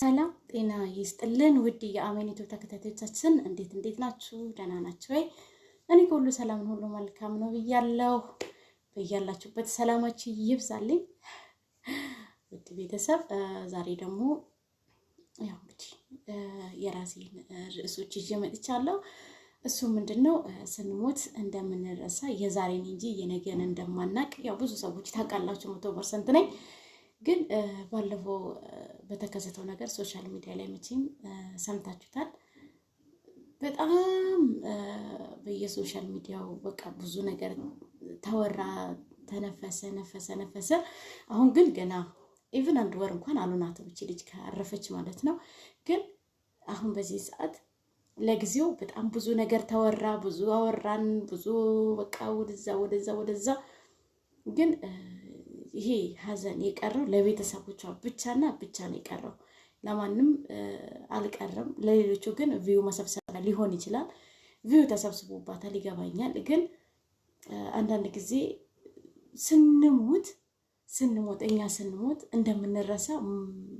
ሰላም ጤና ይስጥልን ውድ የአሜን ተከታታዮቻችን፣ እንዴት እንዴት ናችሁ? ደህና ናችሁ ወይ? እኔ ከሁሉ ሰላም ሁሉ መልካም ነው ብያለሁ። በያላችሁበት ሰላማችሁ ይብዛልኝ ውድ ቤተሰብ። ዛሬ ደግሞ ያው እንግዲህ የራሴን ርዕሶች ይዤ መጥቻለሁ። እሱ ምንድን ነው ስንሞት እንደምንረሳ የዛሬን እንጂ የነገን እንደማናቅ ያው ብዙ ሰዎች ታውቃላችሁ፣ መቶ ፐርሰንት ነኝ ግን ባለፈው በተከሰተው ነገር ሶሻል ሚዲያ ላይ መቼም ሰምታችሁታል። በጣም በየሶሻል ሚዲያው በቃ ብዙ ነገር ተወራ፣ ተነፈሰ፣ ነፈሰ፣ ነፈሰ። አሁን ግን ገና ኢቭን አንድ ወር እንኳን አሉናት ይቺ ልጅ ካረፈች ማለት ነው። ግን አሁን በዚህ ሰዓት ለጊዜው በጣም ብዙ ነገር ተወራ፣ ብዙ አወራን፣ ብዙ በቃ ወደዛ ወደዛ ወደዛ ግን ይሄ ሀዘን የቀረው ለቤተሰቦቿ ብቻና ብቻ ነው የቀረው፣ ለማንም አልቀረም። ለሌሎቹ ግን ቪዩ መሰብሰቢያ ሊሆን ይችላል። ቪዩ ተሰብስቦባታል፣ ይገባኛል። ግን አንዳንድ ጊዜ ስንሞት ስንሞት እኛ ስንሞት እንደምንረሳ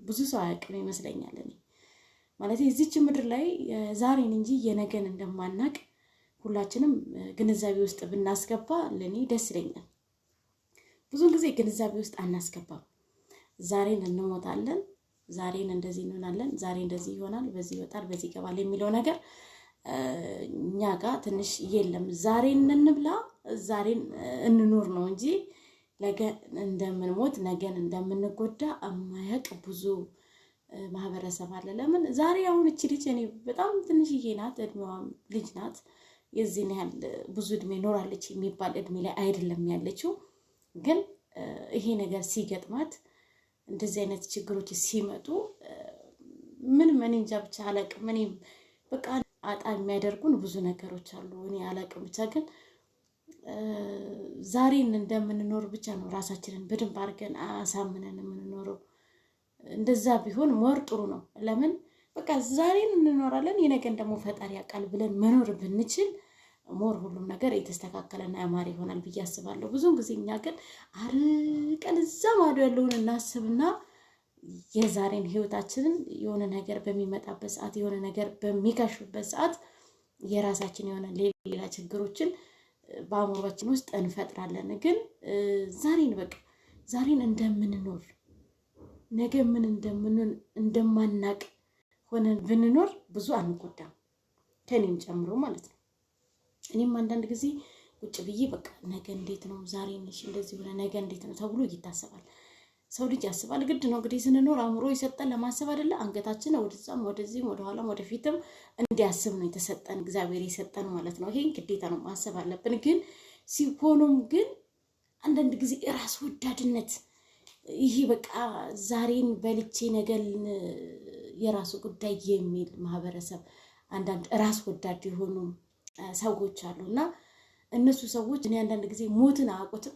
ብዙ ሰው አያውቅም ይመስለኛል። እኔ ማለት እዚች ምድር ላይ ዛሬን እንጂ የነገን እንደማናቅ ሁላችንም ግንዛቤ ውስጥ ብናስገባ ለእኔ ደስ ይለኛል። ብዙ ጊዜ ግንዛቤ ውስጥ አናስገባም። ዛሬን እንሞታለን፣ ዛሬን እንደዚህ እንሆናለን፣ ዛሬ እንደዚህ ይሆናል፣ በዚህ ይወጣል፣ በዚህ ይገባል የሚለው ነገር እኛ ጋር ትንሽ የለም። ዛሬን እንብላ፣ ዛሬን እንኖር ነው እንጂ ነገ እንደምንሞት ነገን እንደምንጎዳ የማያውቅ ብዙ ማህበረሰብ አለ። ለምን ዛሬ አሁን እቺ ልጅ እኔ በጣም ትንሽዬ ናት፣ እድሜዋም ልጅ ናት። የዚህን ያህል ብዙ እድሜ ኖራለች የሚባል እድሜ ላይ አይደለም ያለችው። ግን ይሄ ነገር ሲገጥማት እንደዚህ አይነት ችግሮች ሲመጡ ምን ምን እንጃ ብቻ አላቅም። እኔ በቃ አጣ የሚያደርጉን ብዙ ነገሮች አሉ። እኔ አላቅም ብቻ ግን ዛሬን እንደምንኖር ብቻ ነው ራሳችንን በደንብ አድርገን አሳምነን የምንኖረው። እንደዛ ቢሆን ሞር ጥሩ ነው። ለምን በቃ ዛሬን እንኖራለን፣ የነገን ደግሞ ፈጣሪ ያውቃል ብለን መኖር ብንችል ሞር ሁሉም ነገር የተስተካከለና ያማረ ይሆናል ብዬ አስባለሁ። ብዙን ጊዜ እኛ ግን አርቀን እዛ ማዶ ያለውን እናስብና የዛሬን ህይወታችንን የሆነ ነገር በሚመጣበት ሰዓት የሆነ ነገር በሚከሽፍበት ሰዓት የራሳችን የሆነ ሌላ ችግሮችን በአእምሯችን ውስጥ እንፈጥራለን። ግን ዛሬን በቃ ዛሬን እንደምንኖር ነገ ምን እንደምንን እንደማናቅ ሆነን ብንኖር ብዙ አንጎዳም፣ ከኔም ጨምሮ ማለት ነው። እኔም አንዳንድ ጊዜ ቁጭ ብዬ በቃ ነገ እንዴት ነው ዛሬ ነሽ እንደዚህ ብለ ነገ እንዴት ነው ተብሎ ይታሰባል። ሰው ልጅ ያስባል፣ ግድ ነው እንግዲህ ስንኖር አእምሮ የሰጠን ለማሰብ አይደለ? አንገታችን ወደዛም ወደዚህም ወደኋላም ወደፊትም እንዲያስብ ነው የተሰጠን እግዚአብሔር የሰጠን ማለት ነው። ይሄን ግዴታ ነው ማሰብ አለብን። ግን ሲሆኑም ግን አንዳንድ ጊዜ ራስ ወዳድነት ይሄ በቃ ዛሬን በልቼ ነገን የራሱ ጉዳይ የሚል ማህበረሰብ አንዳንድ ራስ ወዳድ የሆኑ ሰዎች አሉ እና እነሱ ሰዎች እኔ አንዳንድ ጊዜ ሞትን አያውቁትም።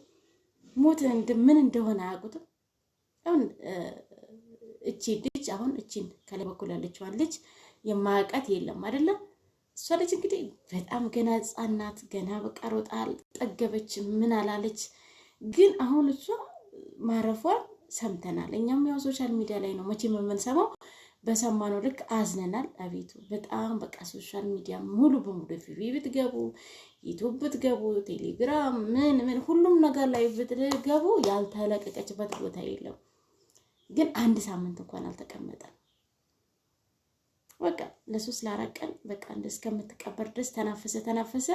ሞትን ምን እንደሆነ አያውቁትም። አሁን እቺ ልጅ አሁን እቺን ከላይ በኩል ያለችዋን ልጅ የማያውቃት የለም አይደለም። እሷ ልጅ እንግዲህ በጣም ገና ሕፃን ገና በቃ ሮጣ ጠገበች፣ ምን አላለች። ግን አሁን እሷ ማረፏን ሰምተናል። እኛም ያው ሶሻል ሚዲያ ላይ ነው መቼም የምንሰማው። በሰማነው ልክ አዝነናል። አቤቱ በጣም በቃ ሶሻል ሚዲያ ሙሉ በሙሉ ፊቪ ብትገቡ፣ ዩቱብ ብትገቡ፣ ቴሌግራም ምን ምን ሁሉም ነገር ላይ ብትገቡ ያልተለቀቀችበት ቦታ የለም። ግን አንድ ሳምንት እንኳን አልተቀመጠም። በቃ ለሶስት ለአራት ቀን በቃ እንደ እስከምትቀበር ድረስ ተናፈሰ ተናፈሰ።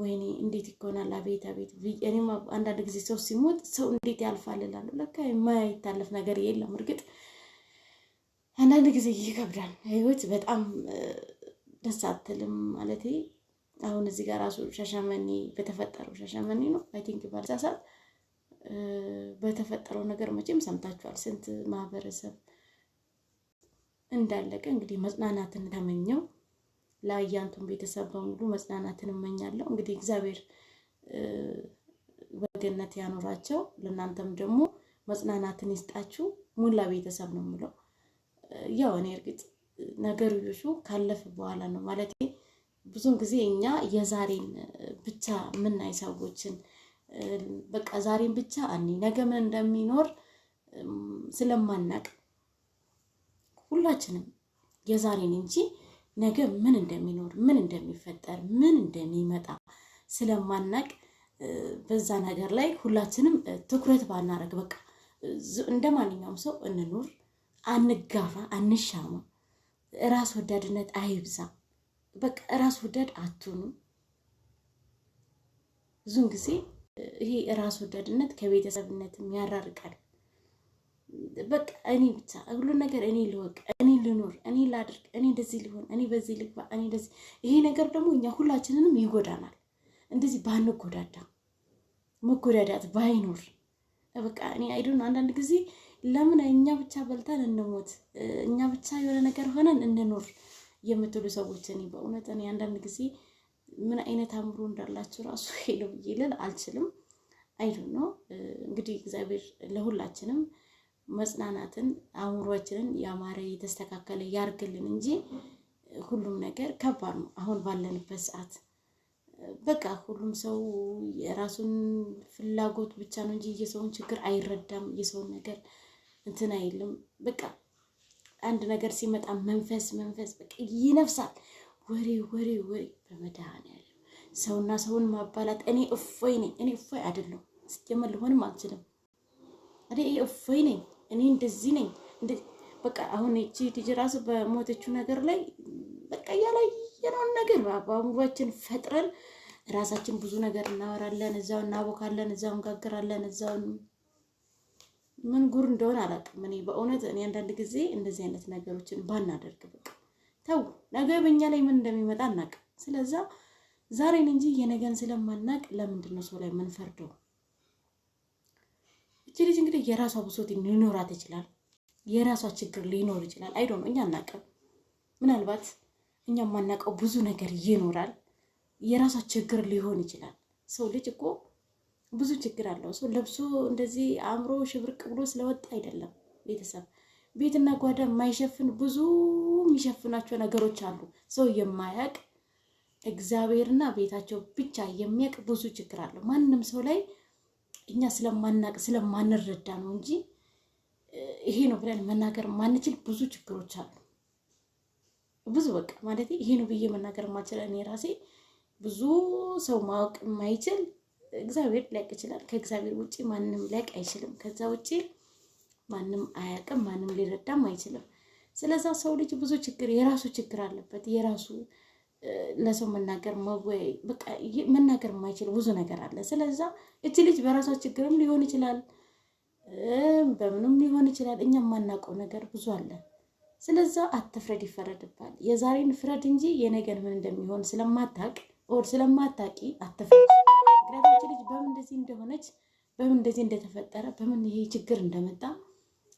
ወይኔ እንዴት ይኮናል? አቤት አቤት። እኔም አንዳንድ ጊዜ ሰው ሲሞት ሰው እንዴት ያልፋል እላለሁ። ለካ የማይታለፍ ነገር የለም እርግጥ አንዳንድ ጊዜ ይከብዳል። ህይወት በጣም ደስ አትልም ማለት አሁን እዚህ ጋር ራሱ ሻሸመኔ በተፈጠረው ሻሸመኔ ነው አይ ቲንክ ባልሳሳት በተፈጠረው ነገር መቼም ሰምታችኋል። ስንት ማህበረሰብ እንዳለቀ እንግዲህ መጽናናትን ተመኘው። ለአያንቱን ቤተሰብ በሙሉ መጽናናትን እመኛለሁ። እንግዲህ እግዚአብሔር በገነት ያኖራቸው፣ ለእናንተም ደግሞ መጽናናትን ይስጣችሁ። ሙላ ቤተሰብ ነው የምለው ያው እኔ እርግጥ ነገርዮሹ ካለፈ በኋላ ነው ማለት ብዙን ጊዜ እኛ የዛሬን ብቻ ምናይ ሰዎችን በቃ ዛሬን ብቻ አኒ ነገ ምን እንደሚኖር ስለማናቅ ሁላችንም የዛሬን እንጂ ነገ ምን እንደሚኖር ምን እንደሚፈጠር ምን እንደሚመጣ ስለማናቅ በዛ ነገር ላይ ሁላችንም ትኩረት ባናረግ በቃ እንደ ማንኛውም ሰው እንኑር። አንጋፋ፣ አንሻማ፣ ራስ ወዳድነት አይብዛ። በቃ ራስ ወዳድ አትኑ። ብዙን ጊዜ ይሄ ራስ ወዳድነት ከቤተሰብነትም ያራርቃል። በቃ እኔ ብቻ ሁሉን ነገር እኔ ልወቅ፣ እኔ ልኖር፣ እኔ ላድርግ፣ እኔ እንደዚህ ሊሆን፣ እኔ በዚህ ልግባ፣ እኔ እንደዚህ። ይሄ ነገር ደግሞ እኛ ሁላችንንም ይጎዳናል። እንደዚህ ባንጎዳዳ መጎዳዳት ባይኖር በቃ እኔ አይዶን አንዳንድ ጊዜ ለምን እኛ ብቻ በልተን እንሞት፣ እኛ ብቻ የሆነ ነገር ሆነን እንኖር የምትሉ ሰዎች እኔ በእውነት እኔ አንዳንድ ጊዜ ምን አይነት አእምሮ እንዳላችሁ ራሱ ሄዶ ብዬ ልል አልችልም። አይዱ ነው እንግዲህ እግዚአብሔር ለሁላችንም መጽናናትን አእምሮችንን ያማረ የተስተካከለ ያርግልን እንጂ ሁሉም ነገር ከባድ ነው። አሁን ባለንበት ሰዓት በቃ ሁሉም ሰው የራሱን ፍላጎት ብቻ ነው እንጂ የሰውን ችግር አይረዳም የሰውን ነገር እንትን አይልም። በቃ አንድ ነገር ሲመጣ መንፈስ መንፈስ በቃ ይነፍሳል። ወሬ ወሬ ወሬ በመድኃኒዓለም ሰውና ሰውን ማባላት። እኔ እፎይ ነኝ፣ እኔ እፎይ አይደለሁ ስጀመር ልሆንም አልችልም። እኔ እፎይ ነኝ፣ እኔ እንደዚህ ነኝ። በቃ አሁን ይቺ ልጅ ራሱ በሞተችው ነገር ላይ በቃ ያላየነውን ነገር በአእምሯችን ፈጥረን ራሳችን ብዙ ነገር እናወራለን፣ እዛው እናቦካለን፣ እዛው እንጋግራለን፣ እዛውን ምን ጉር እንደሆነ አላውቅም። እኔ በእውነት እኔ አንዳንድ ጊዜ እንደዚህ አይነት ነገሮችን ባናደርግ በቃ ተው፣ ነገ በእኛ ላይ ምን እንደሚመጣ አናውቅም። ስለዛ ዛሬን እንጂ የነገን ስለማናውቅ ለምንድን ነው ሰው ላይ የምንፈርደው? እቺ ልጅ እንግዲህ የራሷ ብሶት ሊኖራት ይችላል፣ የራሷ ችግር ሊኖር ይችላል። አይዶ ነው እኛ አናውቅም። ምናልባት እኛ የማናውቀው ብዙ ነገር ይኖራል። የራሷ ችግር ሊሆን ይችላል። ሰው ልጅ እኮ ብዙ ችግር አለው። ሰው ለብሶ እንደዚህ አእምሮ ሽብርቅ ብሎ ስለወጣ አይደለም። ቤተሰብ ቤትና ጓዳ የማይሸፍን ብዙ የሚሸፍናቸው ነገሮች አሉ። ሰው የማያቅ እግዚአብሔርና ቤታቸው ብቻ የሚያውቅ ብዙ ችግር አለው። ማንም ሰው ላይ እኛ ስለማናቅ ስለማንረዳ ነው እንጂ ይሄ ነው ብለን መናገር ማንችል ብዙ ችግሮች አሉ። ብዙ በቃ ማለት ይሄ ነው ብዬ መናገር ማችለን ራሴ ብዙ ሰው ማወቅ የማይችል እግዚአብሔር ሊያቅ ይችላል። ከእግዚአብሔር ውጭ ማንም ሊያቅ አይችልም። ከዛ ውጭ ማንም አያውቅም፣ ማንም ሊረዳም አይችልም። ስለዛ ሰው ልጅ ብዙ ችግር የራሱ ችግር አለበት። የራሱ ለሰው መናገር መወይ በቃ መናገር የማይችል ብዙ ነገር አለ። ስለዛ እች ልጅ በራሷ ችግርም ሊሆን ይችላል፣ በምንም ሊሆን ይችላል። እኛ የማናውቀው ነገር ብዙ አለ። ስለዛ አትፍረድ፣ ይፈረድባል። የዛሬን ፍረድ እንጂ የነገን ምን እንደሚሆን ስለማታቅ ኦር ስለማታቂ አትፍረድ። ምክንያቱም ይቺ ልጅ በምን እንደዚህ እንደሆነች በምን እንደዚህ እንደተፈጠረ በምን ይሄ ችግር እንደመጣ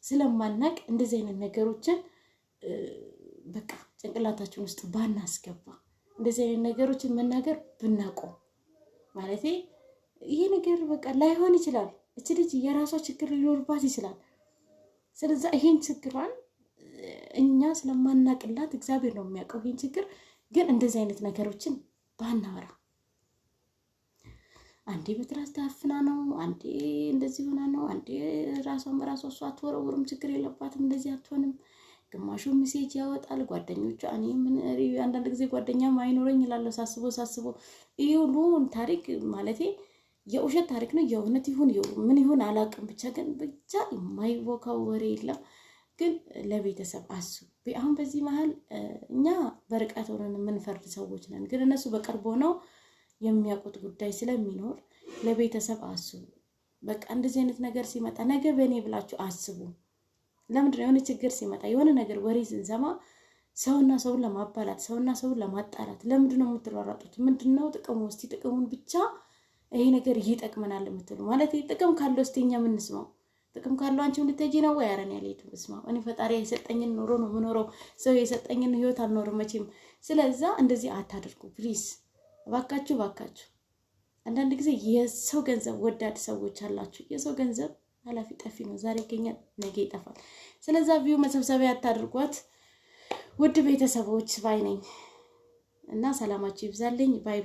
ስለማናቅ እንደዚህ አይነት ነገሮችን በቃ ጭንቅላታችን ውስጥ ባናስገባ እንደዚህ አይነት ነገሮችን መናገር ብናቆም፣ ማለት ይሄ ነገር በቃ ላይሆን ይችላል። እች ልጅ የራሷ ችግር ሊኖርባት ይችላል። ስለዛ ይሄን ችግሯን እኛ ስለማናቅላት እግዚአብሔር ነው የሚያውቀው። ይህን ችግር ግን እንደዚህ አይነት ነገሮችን ባናወራ አንዴ በትራስ ታፍና ነው፣ አንዴ እንደዚህ ሆና ነው፣ አንዴ ራሷን በራሷ እሷ አትወረውርም፣ ችግር የለባትም፣ እንደዚህ አትሆንም። ግማሹ ሚሴጅ ያወጣል ጓደኞቿ። እኔ ምን አንዳንድ ጊዜ ጓደኛም አይኖረኝ ይላለሁ ሳስቦ ሳስቦ። ይህ ሁሉ ታሪክ ማለቴ የውሸት ታሪክ ነው። የእውነት ይሁን ምን ይሁን አላውቅም። ብቻ ግን ብቻ የማይወካው ወሬ የለም። ግን ለቤተሰብ አስቡ። አሁን በዚህ መሀል እኛ በርቀት ሆነን የምንፈርድ ሰዎች ነን፣ ግን እነሱ በቅርብ ሆነው የሚያውቁት ጉዳይ ስለሚኖር ለቤተሰብ አስቡ። በቃ እንደዚህ አይነት ነገር ሲመጣ ነገ በእኔ ብላችሁ አስቡ። ለምንድን ነው የሆነ ችግር ሲመጣ የሆነ ነገር ወሬ ስንሰማ ሰውና ሰውን ለማባላት ሰውና ሰውን ለማጣላት ለምንድን ነው የምትሯሯጡት? ምንድን ነው ጥቅሙ? እስቲ ጥቅሙን ብቻ ይሄ ነገር ይጠቅመናል የምትሉ ማለት ጥቅም ካለው እስቲ እኛ የምንስማው ጥቅም ካለው አንቺ ልትሄጂ ነው ወይ? አረን ያለ አልሄድም። ስማ፣ እኔ ፈጣሪ የሰጠኝን ኑሮ ነው የምኖረው። ሰው የሰጠኝን ህይወት አልኖርም መቼም። ስለዛ እንደዚህ አታደርጉ ፕሊዝ። እባካችሁ እባካችሁ አንዳንድ ጊዜ የሰው ገንዘብ ወዳድ ሰዎች አላችሁ። የሰው ገንዘብ ኃላፊ ጠፊ ነው። ዛሬ ይገኛል፣ ነገ ይጠፋል። ስለዛ ቪው መሰብሰቢያ አታድርጓት። ውድ ቤተሰቦች ባይ ነኝ እና ሰላማችሁ ይብዛልኝ ባይ